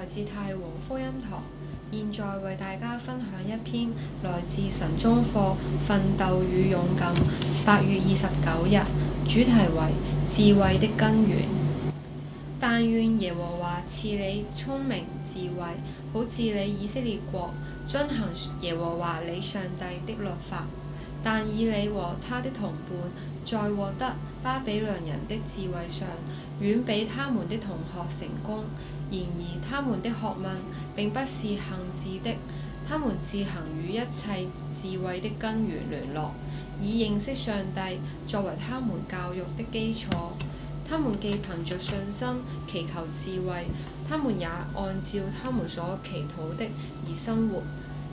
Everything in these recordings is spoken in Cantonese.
來自太和福音堂，現在為大家分享一篇來自神中課《奮鬥與勇敢》八月二十九日，主題為智慧的根源。但願耶和華賜你聰明智慧，好治理以色列國，遵行耶和華你上帝的律法。但以理和他的同伴在獲得巴比倫人的智慧上遠比他們的同學成功，然而他們的學問並不是幸致的，他們自行與一切智慧的根源聯絡，以認識上帝作為他們教育的基礎。他們既憑着信心祈求智慧，他們也按照他們所祈禱的而生活。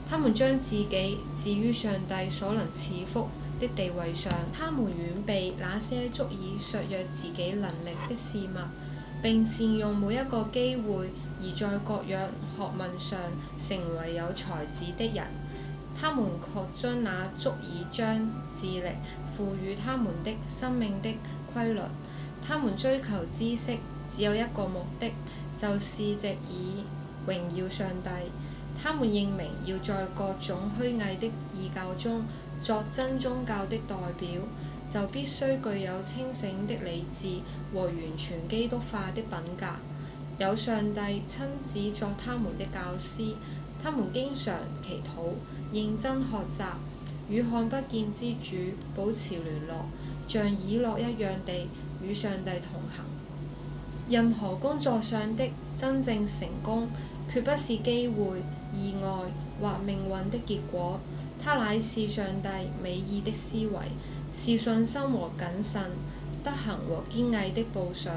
他們將自己置於上帝所能賜福的地位上，他們遠避那些足以削弱自己能力的事物，並善用每一個機會，而在各樣學問上成為有才智的人。他們確將那足以將智力賦予他們的生命的規律。他們追求知識，只有一個目的，就是藉以榮耀上帝。他們認明要在各種虛偽的異教中作真宗教的代表，就必須具有清醒的理智和完全基督化的品格。有上帝親自作他們的教師，他們經常祈禱、認真學習，與看不見之主保持聯絡，像以諾一樣地與上帝同行。任何工作上的真正成功，決不是機會、意外或命運的結果，它乃是上帝美意的思維，是信心和謹慎、德行和堅毅的報償、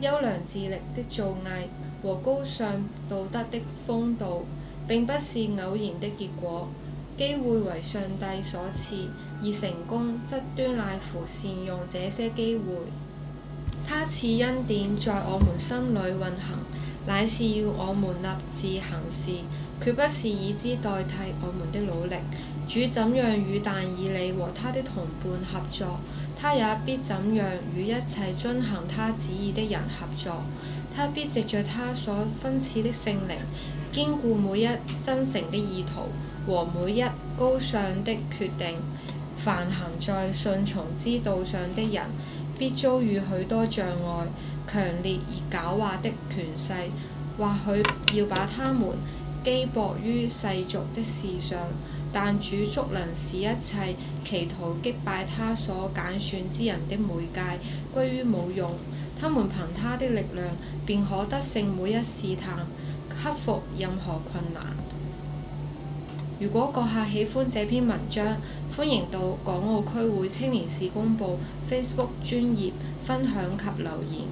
優良智力的造詣和高尚道德，德的風度，並不是偶然的結果。機會為上帝所賜，而成功則端賴乎善用這些機會。祂賜恩典在我們心裏運行，乃是要我們立志行事，決不是以之代替我們的努力。主怎樣與但以理和他的同伴合作，他也必怎樣與一切遵行祂旨意的人合作。祂必藉着祂所分賜的聖靈，堅固每一真誠的意圖和每一高尚的決定。凡行在順從之道上的人，必遭遇許多障礙，強烈而狡猾的權勢，或許要把他們擊薄於世俗的事上。但主足能使一切企圖擊敗他所揀選之人的媒介，歸於無用。他們憑他的力量，便可得勝每一試探，克服任何困難。如果閣下喜歡這篇文章，歡迎到港澳區會青年事工部 Facebook 專頁分享及留言。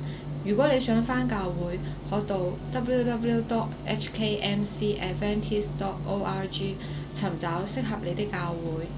如果你想翻教會，可到 www.hkmcadventist.org 尋找適合你的教會。